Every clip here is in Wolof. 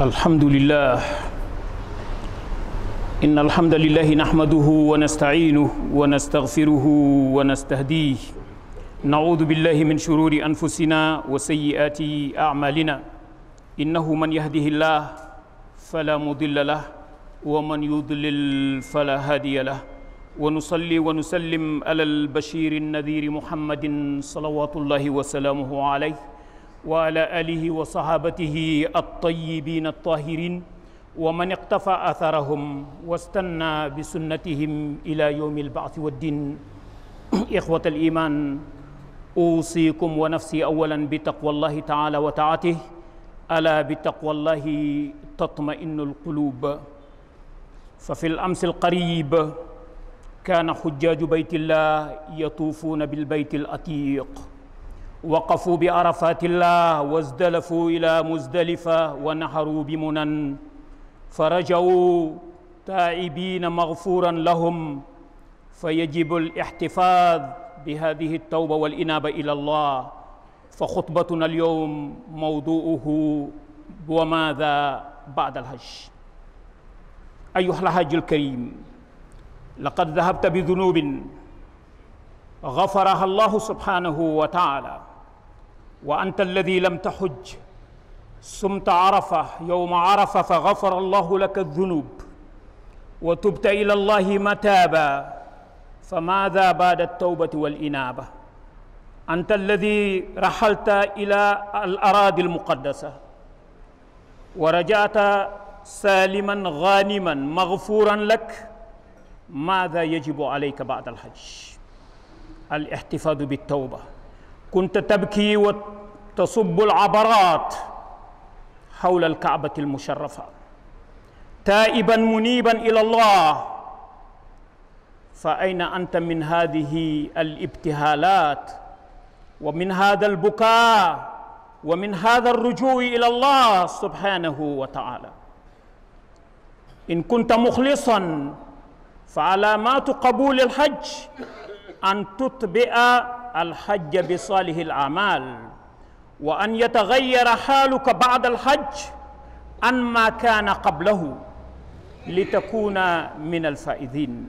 الحمد لله إن الحمد لله نحمده ونستعينه ونستغفره ونستهديه نعوذ بالله من شرور أنفسنا وسيئات أعمالنا إنه من يهده الله فلا مضل له ومن يضلل فلا هادي له ونصلي ونسلم على البشير النذير محمد صلوات الله وسلامه عليه وعلى آله وصحابته الطيبين الطاهرين ومن اقتفى أثرهم واستنى بسنتهم إلى يوم البعث والدين إخوة الإيمان أوصيكم ونفسي أولا بتقوى الله تعالى وطاعته ألا بتقوى الله تطمئن القلوب ففي الأمس القريب كان حجاج بيت الله يطوفون بالبيت الأتيق وقفوا بعرفات الله وازدلفوا إلى مزدلفة ونحروا بمنى فرجوا تائبين مغفورا لهم فيجب الاحتفاظ بهذه التوبة والإنابة إلى الله فخطبتنا اليوم موضوعه وماذا بعد الحج أيها الحاج الكريم لقد ذهبت بذنوب غفرها الله سبحانه وتعالى وأنت الذي لم تحج صمت عرفة يوم عرفة فغفر الله لك الذنوب وتبت إلى الله متابا فماذا بعد التوبة والإنابة أنت الذي رحلت إلى الأراضي المقدسة ورجعت سالما غانما مغفورا لك ماذا يجب عليك بعد الحج الاحتفاظ بالتوبه كنت تبكي وتصب العبرات حول الكعبة المشرفة تائبا منيبا إلى الله فأين أنت من هذه الابتهالات ومن هذا البكاء ومن هذا الرجوع إلى الله سبحانه وتعالى إن كنت مخلصا فعلامات قبول الحج أن تطبئ الحج بصالح الأعمال وأن يتغير حالك بعد الحج عن ما كان قبله لتكون من الفائزين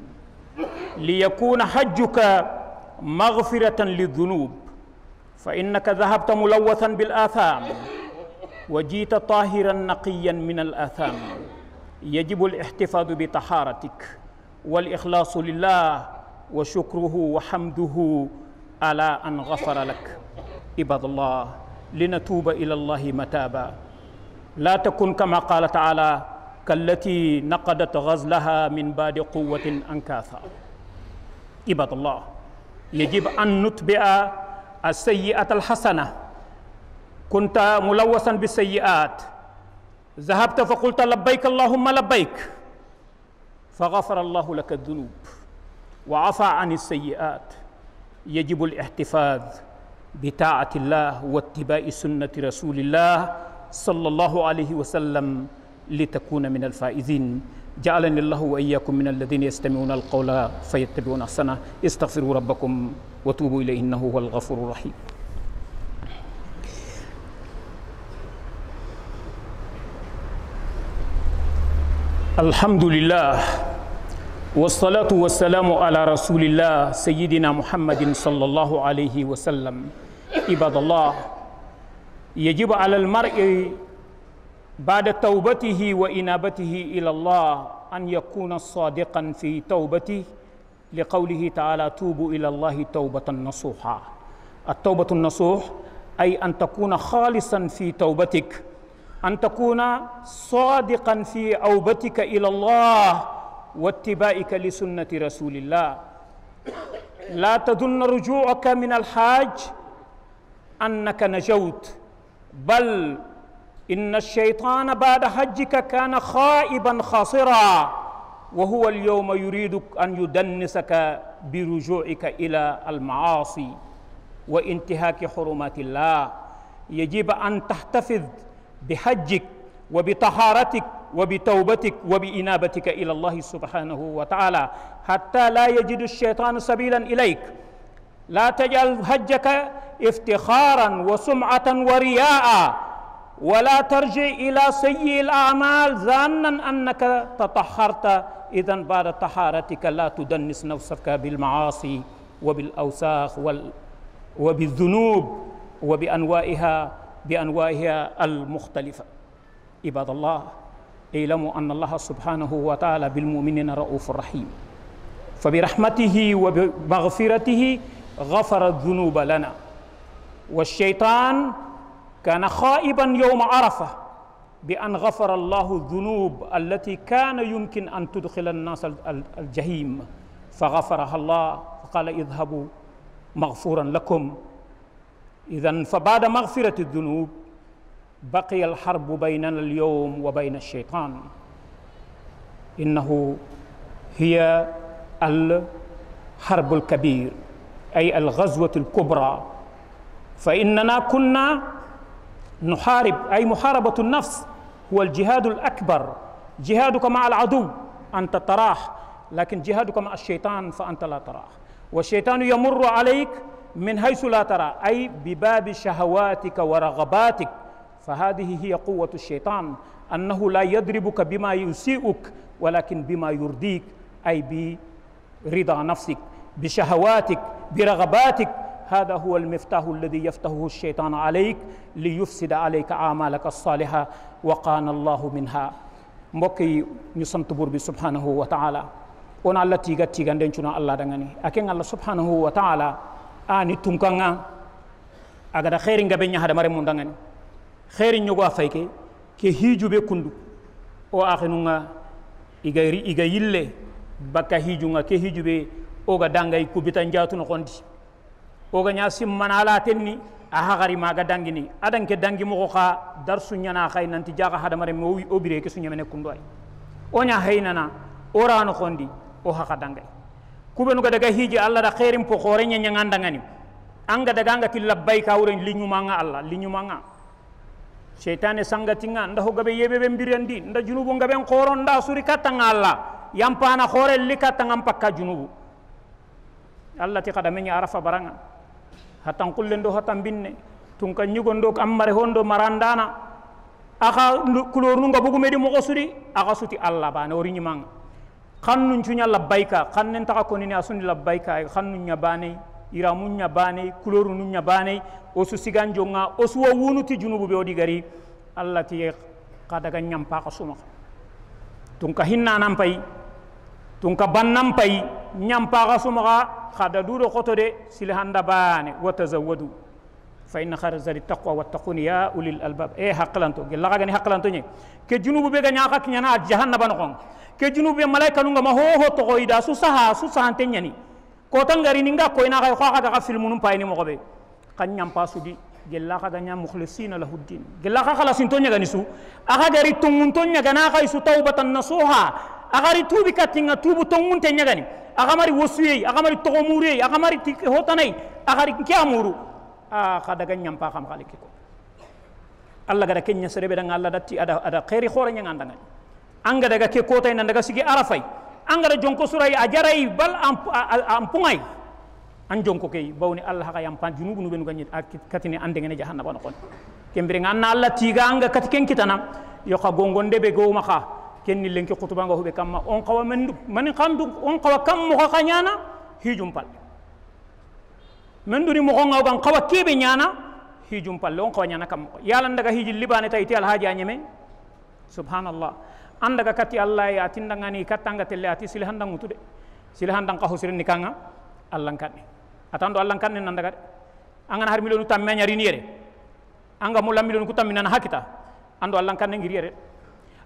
ليكون حجك مغفرة للذنوب فإنك ذهبت ملوثا بالآثام وجيت طاهرا نقيا من الآثام يجب الاحتفاظ بطهارتك والإخلاص لله وشكره وحمده على أن غفر لك عباد الله لنتوب إلى الله متابا لا تكن كما قال تعالى كالتي نقدت غزلها من بعد قوة أنكاثا عباد الله يجب أن نتبع السيئة الحسنة كنت ملوثا بالسيئات ذهبت فقلت لبيك اللهم لبيك فغفر الله لك الذنوب وعفى عن السيئات يجب الاحتفاظ بطاعة الله واتباع سنة رسول الله صلى الله عليه وسلم لتكون من الفائزين جعلني الله وإياكم من الذين يستمعون القول فيتبعون أحسنه استغفروا ربكم وتوبوا إليه إنه هو الغفور الرحيم الحمد لله والصلاة والسلام على رسول الله سيدنا محمد صلى الله عليه وسلم عباد الله يجب على المرء بعد توبته وإنابته إلى الله أن يكون صادقا في توبته لقوله تعالى توبوا إلى الله توبة نصوحا التوبة النصوح أي أن تكون خالصا في توبتك أن تكون صادقا في أوبتك إلى الله واتبائك لسنة رسول الله لا تظن رجوعك من الحاج أنك نجوت بل إن الشيطان بعد حجك كان خائبا خاسرا وهو اليوم يريد أن يدنسك برجوعك إلى المعاصي وانتهاك حرمات الله يجب أن تحتفظ بحجك وبطهارتك وبتوبتك وبإنابتك إلى الله سبحانه وتعالى حتى لا يجد الشيطان سبيلا إليك لا تجعل هجك افتخارا وسمعة ورياء ولا ترجع إلى سيء الأعمال ظانا أنك تطهرت إذا بعد طهارتك لا تدنس نفسك بالمعاصي وبالأوساخ وال وبالذنوب وبأنواعها بأنواعها المختلفة عباد الله اعلموا أن الله سبحانه وتعالى بالمؤمنين رؤوف رحيم فبرحمته وبمغفرته غفر الذنوب لنا والشيطان كان خائبا يوم عرفة بأن غفر الله الذنوب التي كان يمكن أن تدخل الناس الجحيم فغفرها الله فقال اذهبوا مغفورا لكم إذا فبعد مغفرة الذنوب بقي الحرب بيننا اليوم وبين الشيطان انه هي الحرب الكبير اي الغزوه الكبرى فاننا كنا نحارب اي محاربه النفس هو الجهاد الاكبر جهادك مع العدو انت تراه لكن جهادك مع الشيطان فانت لا تراه والشيطان يمر عليك من حيث لا ترى اي بباب شهواتك ورغباتك فهذه هي قوة الشيطان أنه لا يضربك بما يسيئك ولكن بما يرضيك أي برضا نفسك بشهواتك برغباتك هذا هو المفتاح الذي يفتحه الشيطان عليك ليفسد عليك أعمالك الصالحة وقانا الله منها مكي نسنت بربي سبحانه وتعالى on alla tiga tiga nden cuna alla dangani aken alla subhanahu wa ta'ala ani tunkanga agada khairin gabe nya hada mare khairin yugo fayke ke hiju be kundu o nga iga iga yille hiju hijunga ke hiju be o ga dangay kubita njatu no kondi nya nyasi manala tenni hagari gari ga dangini adan ke dangi mo kha dar sunyana xay nanti jaga hadamare mo wi obire ke ne kundu ay nya haynana orano kondi o haka dangay kube nuga daga hiji alla da khairin po ñe ñanga dangani anga daga nga killa Allah, ka wuren nga alla nga Cetane tinga nda yebe yeɓeɓe mbirandi nda junubu ben koro nda suri kattanga allah yang hoore li kattangan mpaka junubu allah ti kada meñi arafa baranga hatan kullen do binne tungka nyugo ndo do hondo marandana aka kulor nga bugu medi moko suri aka suti allah bane ori nyimanga kan nu cuña kan xan konini asundi sundi labbayka kan nu nyabane iramu nyabane kuloru nu nyabane osu siganjo nga osu wo wunuti junubu be odi gari allah ti kada ga nyampa ko suma tun ka hinna nan pai tun ka bannan pai nyampa ga suma ga kada duro koto de silhanda bane watazawadu fa inna khayra taqwa wattaqun ya ulil albab e haqlanto gella ga ni haqlanto ni ke junubu be ga nyaaka nyana jahannaba no ke junubu be malaika nu nga ma ho ho to goida su saha su saha nyani kota ngari ninga koyna kay khaka daga filmunum payni mo gobe kan nyam pasudi gella kha ganya mukhlisina lahuddin gella kha khala sin tonya gani su aga gari tungun tonya gana kha isu taubatan nasuha agari tubi katinga tubu tungun tenya gani aga mari wosuye aga mari togomure aga mari hotanai agari kiamuru a kha daga nyam pa kam khali ko Allah gada kenya serebe danga Allah datti ada ada khairi khore nyanga ndanga anga daga ke kota ina daga sigi arafai angara jonko surai ajarai bal ampungai an jonko kay bawni allah ka yam pan junubu nubenu ganyit katini ande ngene jahanna no kon kembere nganna allah tiga anga katiken kitana yo ka gongonde be go maka kenni lenki khutuba nga hubbe kamma on qawa man man qamdu on qawa kam mo ka nyana hijum pal man duri mo nga gan qawa kebe nyana hijum pal on qawa nyana kam yalla ndaga hiji libane tayti al haji anyeme subhanallah ka kati allah ya tindangani katanga telle ati silhandang utude silhandang ka hosirin nikanga allah ni atando allah nanda nandaga angana har milonu tamme nyari niere anga mulam milonu kutammi minan hakita ando allah kanni ngiriere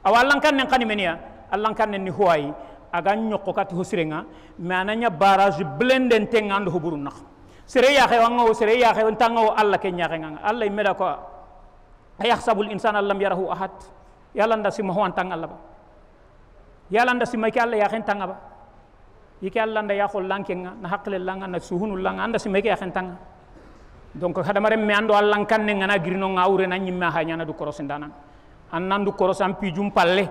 aw allah kanni kanni menia allah kan ni huwayi aga nyokko kati hosirenga mananya baraj blenden tengando huburun nakh sere ya khe nga sere ya xew tangaw allah ke nyaaxe nga allah imeda ko ayahsabul insana lam yarahu ahad yalla nda hon tang alla ba yalla nda si ki alla yakin tang ba yiki alla nda lanke nga na hakle langa na suhunu langa anda sima ya yakin tang donc hadama rem me ando ne nga ngana girino ngawre na nyimma ha nyana du koros ndana an nandu koros am jum palle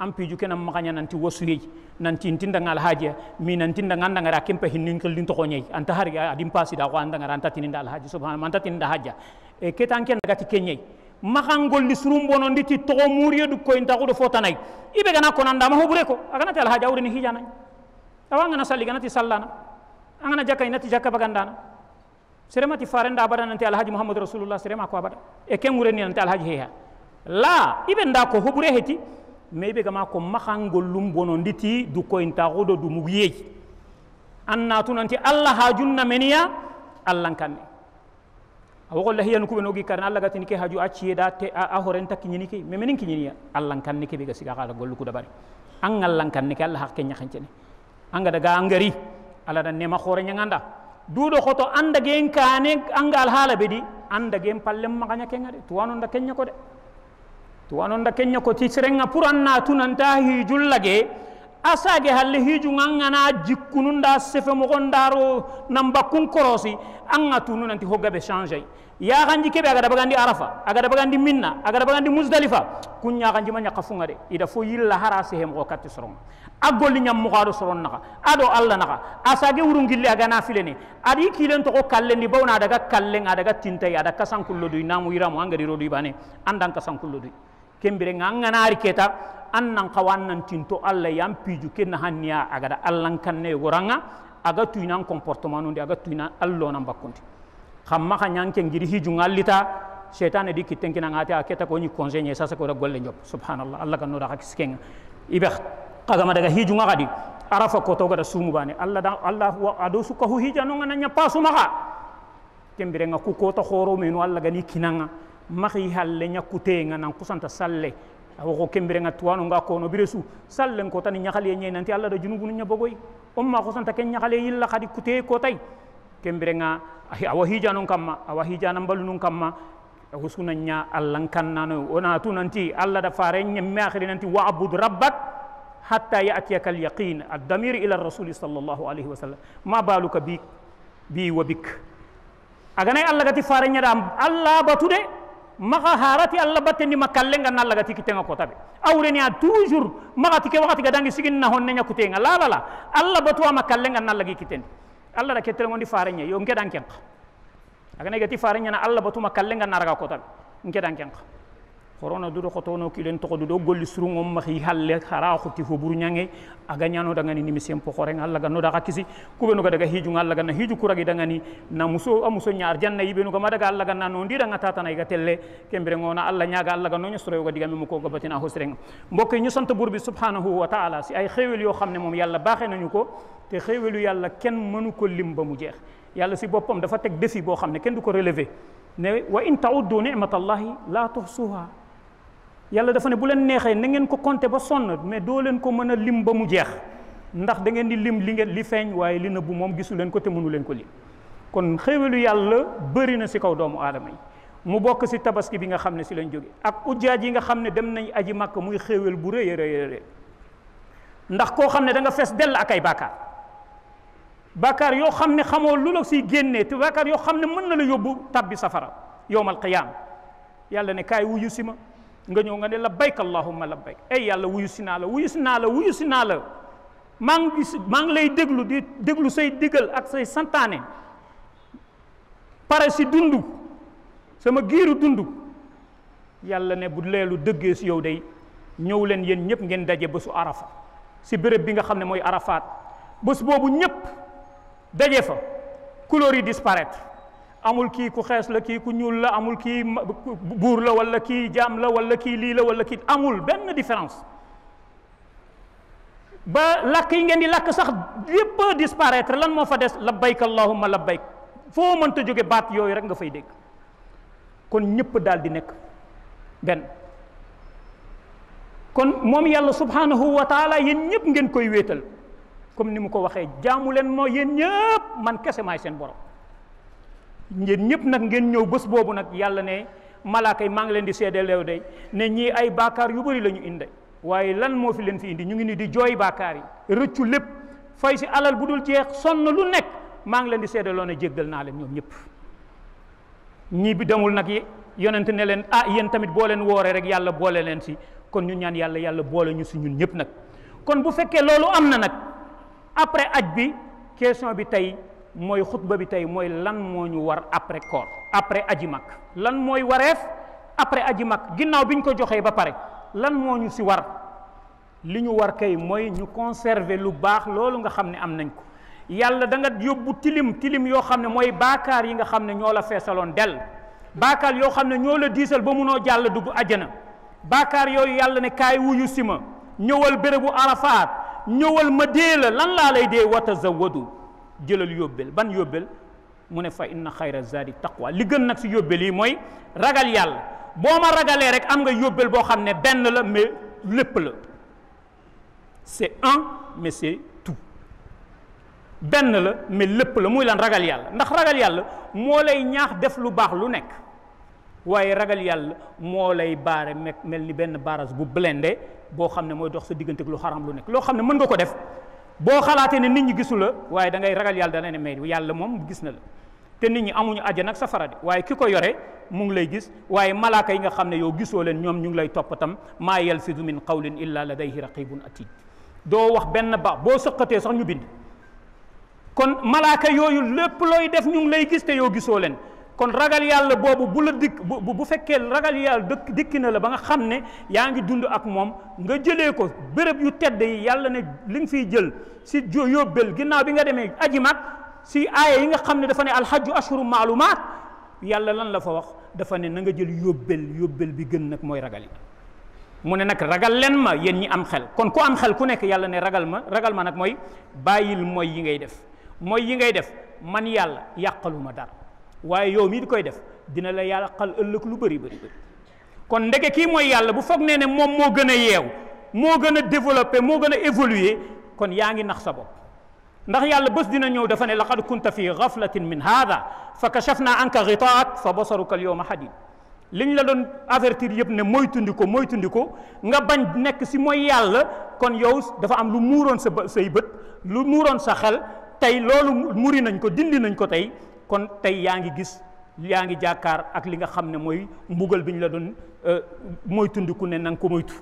am makanya nanti wasuhi nanti ntinda ngal haja mi nanti nda nganda ngara kempe hinin kel dinto konyai anta hari adim pasi da ko anda ngara anta tininda al haji subhanallah anta tininda haja e ketan ken kenyai maxangolli surumbonondi ti toxo muriyedu koyintaxudo fotanay i be gana konandama hobure ko a ganati alhajawurini hijanay awa ngana salli ganati sallana a ngana inati jakka bagandana seremati farenda abada nanti alhaji muhammadu rasulullah serema ko abada e kengureni nanti alhaji heha la i be nda ko hobure heti mais gama ko maxangollum bonondi ti du koyintaxudo du mugiyeyi an natu nanti allah hajunna meniya allankanne awo la hiyan kuɓe nogi karna allah gatini ke haju a ciyeɗa te a horen takki nyini ke me menin Allah allan kanni ke ɓe siga kala gollu kuda bari an allan kanni ke allah hakke ñaxencene ga daga angari ala dan nema xore ñanganda dudo koto anda gen kane anga al hala bedi anda gen pallem maxaña ke de tuwano nda kenya ko de tuwano nda kenya ko ti serenga pour an natunanta hijullage asage halle hiju ngangana jikkununda sefe mogondaro namba kunkorosi korosi anga tunu nanti hoga be changer ya ganji kebe aga dabagandi arafa aga dabagandi minna aga dabagandi muzdalifa kunya ganji manya kafunga de ida fo yilla hara se hem okati soron agolli nyam mugado soron naka ado alla naka asage wurungille aga nafilene adi kilen to ko kallendi bawna daga kallen adaga tintai ada kasan kullo du namu iramu angari rodu bane andan kasan du kembire ngangana ari keta annan kawannan tinto Allah yan piju kenna hanniya agada Allah kanne goranga aga tuinan comportement non aga tuinan Allah nan bakunti khamma kanyan ken giri hiju ngallita شيطان دي كتن كنا غاتي اكيتا كوني كونجيني ساسا كورا غول نيوب سبحان الله الله كنو راك سكين يبخ قغما دغا هيجو غادي عرف كوتو غدا سومو باني الله دا الله ادو سكو هو هيجا نون نانيا باسو ماها كمبرين كو كوتو خورو مينو الله غني كينان مخي هال نيا كوتي نان كوسانتا سالي awoxo kembirenga tuwanu nga kono biresu sallen kotani ñaxale ñe nanti alla da junubunu ñabogoy umma xosanta ke ñaxale yilla xadi kuteye kotay kembirenga awa hijanun kamma awa hijanan balunun kamma husuna ña allan kannano ona tu nanti alla da fare ñemme axiri nanti wa'bud rabbak hatta ya'tiyaka al-yaqin ad-damir ila ar-rasul sallallahu alayhi wa sallam ma baluka bi bi wa bik aganay alla gati fare ñada alla batude maga harati allah batteni ma kallenga nallagati kittenga kotaɓe awreniya toujours magati ke wakati gadangi siginna honneña kutenga lalala allah batuwa ma kallenga nallagi kittendi allah da kettelgondi fareña yo ngeɗan kenka agana gati fareñana allah batuma kallenga naraga kotaɓe ngeɗan kenka corona du ko tono ki len toko du do golli suru ngom ma hi halle khara ko ti hoburu nyange aga nyano daga ni mi sem pokore reng alla ga no daga kisi ku no ga daga hiju alla ga na hiju kuragi daga ni na muso amuso nyar janna yibe no ga ma daga alla ga na no ndira ngata tana ga telle kembere ngona alla nyaga alla ga no nyu soro ga diga mi ko ga batina hosreng mbokk ñu sant bur bi subhanahu wa ta'ala si ay xewel yo xamne mom yalla baxé nañu ko te xewelu yalla ken mënu ko lim ba mu jeex yalla si bopam dafa tek défi bo xamne ken du ko relever ne wa in tauddu nicmatallahi la tuhsuha yàlla dafa ne bu len nexé na ngeen ko konté ba son mais do len ko meuna lim ba mu jeex ndax da ngeen di lim li ngeen li feñ waye li neub mom gisu len ko te meunu len ko lim kon xewelu yàlla beuri na ci kaw doomu adama yi mu bok ci tabaski bi nga xamné ci lañ joggé ak ujjaaj yi nga xamné dem nañ aji makka muy xewel bu reey reey reey ndax ko xamné da nga fess del ak ay bakkar bakkar yo xamné xamoo lu la ci génné te bakkar yo xamné meun na la yóbbu tabbi safara yowmal qiyam yàlla ne kay wuyu si nga ñëw nga ne labbayk allahumma labbayk ay yàlla wuyu si naa la wuyu si naa la wuyu si naa la maa ngi maa ngi lay déglu di déglu say digal ak say santaane pare si dundu sama giiru dundu yàlla ne bu leelu dëggee si yow day ñëw leen yéen ñëpp ngeen daje bésu arafa si béréb bi nga xam ne mooy arafaat bés boobu ñëpp daje fa couleur yi disparaître amul ki ku xess la ki ku ñuul la amul ki buur la wala ki jam la wala ki li la wala ki amul ben différence ba lak yi ngeen di lak sax yépp disparaître lan moo fa des labbayk allahumma labbayk foo mënta jóge baat yooyu rek nga fay dégg kon ñëpp daal di nekk ben kon moom yàlla subhanahu wa taala yéen ñëpp ngeen koy wéetal comme ni mu ko waxee jaamu leen moo yéen ñëpp man kese maay seen borom ngeen ñëpp nag ngeen ñëw bés boobu nag yàlla ne malaaka yi maa ngi leen di seedeleew day ne ñii ay baakaar yu bëri la ñu indi waaye lan moo fi leen fi indi ñu ngi ni di jooy baakaar yi rëccu lépp fay si alal bu dul jeex sonn lu nekk maa ngi leen di seedaloo a jéggal naa leen ñoom ñëpp ñii bi demul nag yi yonent ne leen ah yéen tamit boo leen wooree rek yàlla boole leen si kon ñu ñaan yàlla yàlla boole ñu si ñun ñëpp nag kon bu fekkee loolu am na bi question bi tey mooy xutba bi tey mooy lan moo ñu war après koor après aji mag lan mooy wareef après aji mag ginnaaw bi ñu ko joxee ba pare lan moo ñu si war li ñu war kay mooy ñu conserver lu baax loolu nga xam ne am nañ ko yàlla da nga yóbbu tilim tilim yoo xam ne mooy baakaar yi nga xam ne ñoo la feesaloon dell baakaar yoo xam ne ñoo la diisal ba munoo jàll dugg àjjana baakaar yooyu yàlla ne kaay wuyu si ma ñëwal bérébu arafaat ñëwal ma dee la lan laa lay dee watazawadu jëlal yóbbel ban yóbbel mu ne fa inna xayra zaadi taqwa li gën nag si yóbbel yi mooy ragal yàlla boo ma ragalee rek am nga yóbbel boo xam ne benn la mais lépp la c'est un mais c'est tout benn la mais lépp la muy lan ragal yàlla ndax ragal yàlla moo lay ñaax def lu baax lu nekk waaye ragal yàlla moo lay baare mel ni benn baras bu blende boo xam ne mooy dox sa diggante lu xaram lu nekk loo xam ne mën nga ko def boo xalaatee ne nit ñi gisu la waaye da ngay ragal yàlla dana ne may yàlla moom gis na la te nit ñi amuñu àjjana nag safara de waaye ki ko yore mu ngi lay gis waaye malaaka yi nga xam ne yow gisoo leen ñoom ñu ngi lay toppatam maa yalfidu min qawlin illa ladayhi raqibun atid doo wax benn baax boo sëqatee sax ñu bind kon malaaka yooyu lépp looy def ñu ngi lay gis te yow gisoo leen kon ragal yàlla bobu bu la dik bu fekke ragal yàlla dik dikki na la ba nga xamne yaangi dund ak mom nga jele ko beurep yu tedd yi yàlla ne li nga fiy jël si jo yóbbel ginaaw bi nga deme aji mak si aya yi nga xamne dafa ne al hajju ashuru ma'lumat yàlla lan la fa wax dafa ne nga jël yóbbel yóbbel bi gën nak moy ragal yi mu ne nag ragal len ma yen ñi am xel kon ku am xel ku nek yàlla ne ragal ma ragal ma nak moy bayil moy yi ngay def moy yi ngay def man yàlla yàqalu dara waaye yow mii di koy def dina la yàlla xal ëllëg lu bëri bëri bëri kon ndege kii mooy yàlla bu foog nee ne moom moo gën a yeew moo gën a développé moo gën a évoluer kon yaa ngi nax sa bopp ndax yàlla bés dina ñëw dafa ne laqad kunta fi ghaflatin min hada fa kashafna anka ghitaak fa basaruka al hadid liñ la doon avertir yëpp ne moytundiko moytundiko nga bañ nekk si mooy yàlla kon yow dafa am lu muuroon sa say bët lu muuroon sa xel tey loolu muri nañ ko dindi nañ ko tey kon tey yaa ngi gis yaa ngi jàkkaar ak li nga xam ne mooy mbugal bi ñu la doon euh, mooy tund ku ne na ko moytu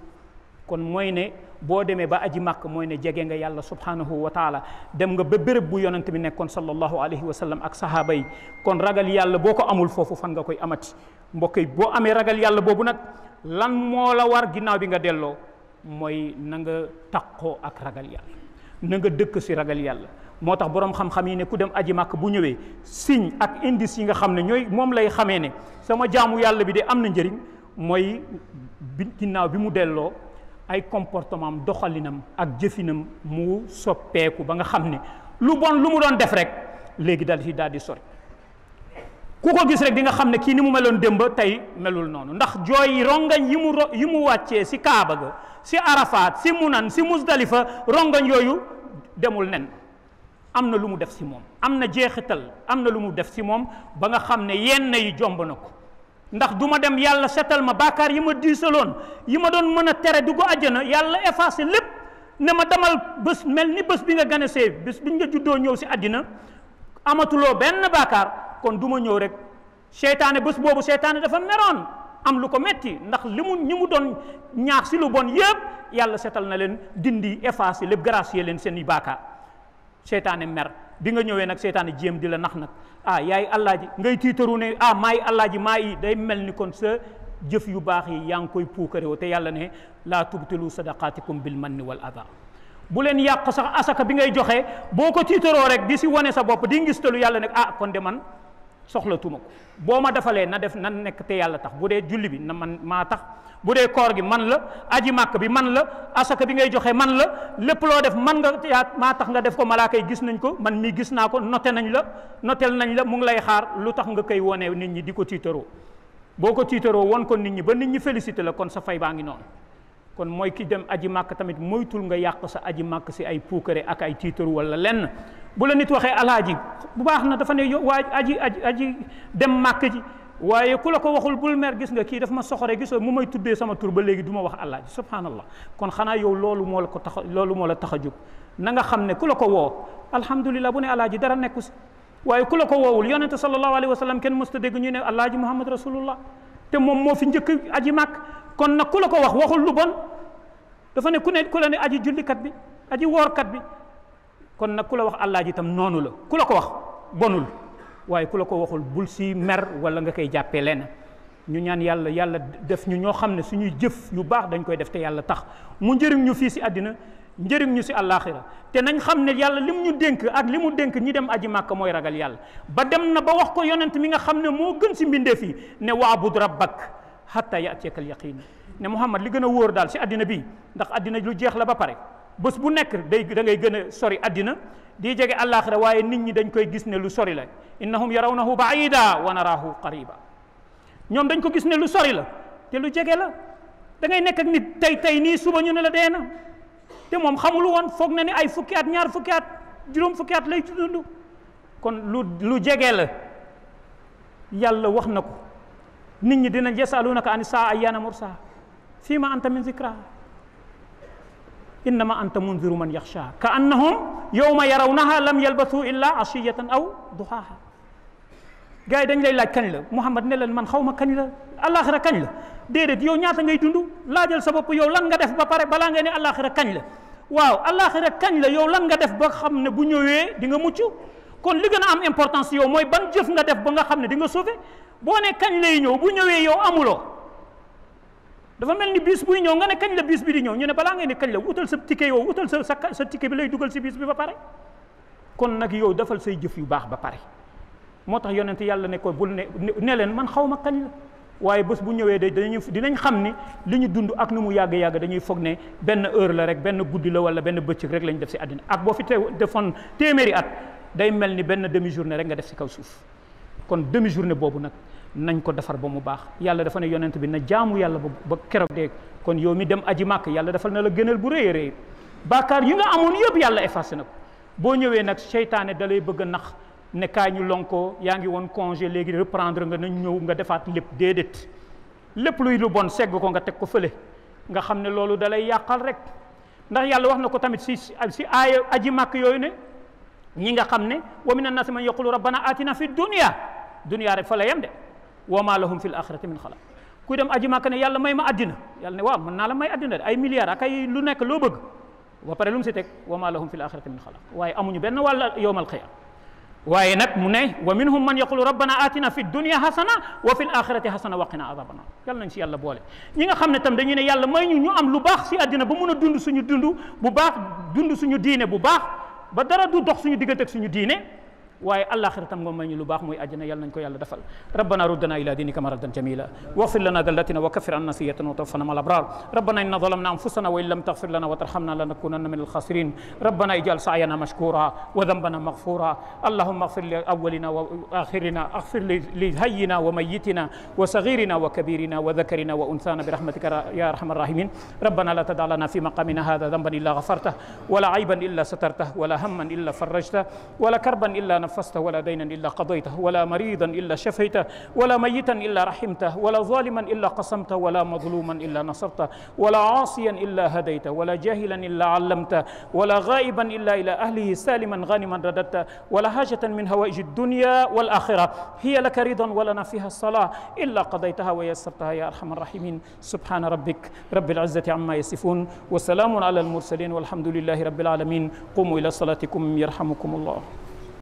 kon mooy ne boo demee ba aji màkk mooy ne jege nga yàlla subhanahu wa taala dem nga ba béréb bu yonent bi nekkoon sallallahu alayhi wa sallam ak sahaaba yi kon ragal yàlla boo ko amul foofu fan nga koy amati mbokk boo amee ragal yàlla boobu nag lan moo la war ginnaaw bi nga delloo mooy nanga nga ak ragal yàlla na nga dëkk si ragal yàlla motax borom xam xam yi ne ku dem aji mak bu ñëwé signe ak indice yi nga xam ne ñoy mom lay xamé ne sama jaamu yalla bi de am na njëriñ mooy ginnaw bi mu dello ay comportement doxalinam ak jëfinam mu soppeku ba nga xam ne lu bon lu mu doon def rek légui dal ci dal di sori ku ko gis rek di nga xam ne ni mu meloon démb tey melul noonu ndax jooy rongañ yi mu yi mu wàccee si kaaba ga si arafat si munan si musdalifa rongañ yooyu demul nen am na lu mu def si moom am na jeexital am na lu mu def si moom ba nga xam ne yenn yi jomb na ko ndax du ma dem yàlla setal ma bàkkaar yi ma diisaloon yi ma doon mën a tere ko àjjana yàlla effacé lépp ne ma demal bés mel ni bés bi nga ganesee bés bi nga juddoo ñëw si àddina amatuloo benn bàkkaar kon du ñëw rek seytaane bés boobu seytaane dafa meroon am lu ko metti ndax li mu ñi mu doon ñaax si lu bon yépp yàlla setal na leen dindi effacé lépp gracier leen seen i bàkkaar seytaane mer bi nga ñëwee nag seytaane jéem di la nax nag ah yaay allaaji ngay tiitaru ne ah maay allaaji maa yi day mel ni kon sa jëf yu baax yi yaa ngi koy puukaréwo te yàlla ne laa tubtilu sadaqaatikum bil manni wal ada bu leen yàq sax asaka bi ngay joxe boo ko tiitaroo rek di si wane sa bopp di ngistalu yàlla ne ah kon de man soxlatuma ko boo ma defalee na def na nekk te yàlla tax bu dee julli bi na man maa tax bu dee koor gi man la aji màkk bi man la asaka bi ngay joxe man la lépp loo def man nga yaat maa tax nga def ko malaaka yi gis nañ ko man mii gis naa ko noté nañ la noteel nañ la mu ngi lay xaar lu tax nga koy wone nit ñi di ko tiitaroo boo ko tiitaroo won ko nit ñi ba nit ñi félicité la kon sa fay baa ngi noonu kon mooy kii dem aji màkk tamit moytul nga yàq sa aji màkk si ay puukare ak ay tiitaru walla lenn bu la nit waxee alaaji bu baax na dafa ne waa aji aji aji dem màkk ji waye kula ko waxul bul mer gis nga ki daf ma soxore gis mu may tuddé sama tour ba légui duma wax àllaaji subhanallah kon xana yow loolu mo la ko tax loolu mo la tax na nga xamné kula ko wo alhamdullilah bu ne àllaaji dara nekus waye kula ko woowul yonente sallallahu alayhi wasallam ken musta deg ñu ne àllaaji muhammad rasulullah te mom mo fi ñëk aji mak kon na kula ko wax waxul lu bon dafa ne ku ne kula ne aji kat bi aji wor kat bi kon na kula la wax àllaaji tam nonu la kula ko wax bonul waaye ku la ko waxul bul si mer wala nga koy jàppee lenn ñu ñaan yàlla yàlla def ñu ñoo xam ne suñuy jëf yu baax dañ koy def te yàlla tax mu njëriñ ñu fii si àddina njëriñ ñu si àllaaxira te nañ xam ne yàlla li mu ñu dénk ak li mu dénk ñi dem aji màkk mooy ragal yàlla ba dem na ba wax ko yonent mi nga xam ne moo gën si mbindee fii ne waabud rabbak hatta yaatiyaka al yaqin ne Muhammad li gën a wóor daal si àddina bi ndax àddina lu jeex la ba pare bés bu nekk day da ngay gën a sori àddina di jege alakhirah waye nit ñi dañ koy gis ne lu sori la innahum yarawnahu baida wa narahu qariba ñom dañ ko gis ne lu sori la te lu jege la da ngay nek ak nit tay tay ni suba ñu ne la dee te xamul won na ni ay fukki at ñaar fukki at juroom fukki at lay kon lu lu jege la yalla wax nako nit ñi dinañ yasalunaka an saa ayana mursa fima anta min zikraha إنما أنت منذر من يخشى كأنهم يوم يرونها لم يلبثوا إلا عشية أو ضحاها جاي دنج لا كان لا محمد نلان من خوما كان لا الاخره كان لا ديرت يو نياتا غاي دوندو لا ديال سا بوب يو لان غا ديف با بار با لان غاني يعني الاخره كان لا واو الاخره كان لا يو لان غا ديف با خامني بو نيوي ديغا موتشو كون لي غنا ام امبورطانس يو موي بان جيف غا ديف با خامني ديغا سوفي بو ني كان لاي نيو بو نيوي يو امولو dafa mel ni bis buy ñëw nga ne kañ la bis bi di ñëw ñu ne balaa ngay ne kañ la utal sa ticket yow wutal sa sa sa ticket bi lay dugal si bis bi ba pare kon nag yow defal say jëf yu baax ba pare moo tax yonent yàlla ne ko bul ne ne leen man xaw ma kañ la waaye bés bu ñëwee de dañu dinañ xam ni li ñu dund ak nu mu yàgg yàgg dañuy foog ne benn heure la rek benn guddi la wala benn bëccëg rek lañ def si àddina ak boo fi te defoon téeméeri at day mel ni benn demi journée rek nga def si kaw suuf kon demi journée boobu nag nañ ko defar ba mu baax yàlla dafa ne yonent bi na jaamu yàlla ba kérok de kon yow mi dem aji màkk yàlla defal na la gënal bu reey reey bàkkaar yi nga amone yeb yàlla effacer nako bo ñëwé nak shaytané dalay bëgg nax ne ka ñu lonko yaangi won congé légui reprendre nga nañ ñëw nga defaat lépp dedet lépp luy lu bon segg ko nga tek ko feulé nga xamné ne loolu da yàqal rek ndax yàlla wax nako tamit ci ci ay aji màkk yoy ne ñi nga xamné ne wa min annaasi man yaqulu rabbana atina fid dunya dunya rek fa la yam de وما لهم في الآخرة من خلاق كودم أجي ما كان يلا ما يمادنا يلا نوال من نال ما يمادنا أي مليار أكاي لونك لوبك وبرلوم ستك وما لهم في الآخرة من خلاق واي أمني بين نوال يوم القيامة واي نك مني ومنهم من يقول ربنا آتنا في الدنيا حسنة وفي الآخرة حسنة وقنا عذابنا يلا نسي يلا بوله نيجا خمنا تم دنيا يلا ما ينيو أم لباخ في أدنى بمونا دندو سنو دندو بباخ دندو سنو دينه بباخ بدرا دو دخ سنو دينه waaye àllaaxira tam nga may ñu lu baax muy àjjana yàlla nañ ko yàlla defal rabbana ruddana ila dinika maradan jamila واغفر لنا ذلتنا وكفر عنا سيئتنا وتوفنا مع الابرار ربنا انا ظلمنا انفسنا وان لم تغفر لنا وترحمنا لنكونن من الخاسرين ربنا اجعل سعينا مشكورا وذنبنا مغفورا اللهم اغفر لاولنا واخرنا اغفر لهينا وميتنا وصغيرنا وكبيرنا وذكرنا وانثانا برحمتك يا ارحم الراحمين ربنا لا تدع لنا في مقامنا هذا ذنبا الا غفرته ولا عيبا الا سترته ولا هما الا فرجته ولا كربا الا نفسته ولا دينا إلا قضيته ولا مريضا إلا شفيته ولا ميتا إلا رحمته ولا ظالما إلا قسمته ولا مظلوما إلا نصرته ولا عاصيا إلا هديته ولا جاهلا إلا علمته ولا غائبا إلا إلى أهله سالما غانما رددته ولا حاجة من هوائج الدنيا والآخرة هي لك رضا ولنا فيها الصلاة إلا قضيتها ويسرتها يا أرحم الراحمين سبحان ربك رب العزة عما يصفون وسلام على المرسلين والحمد لله رب العالمين قوموا إلى صلاتكم يرحمكم الله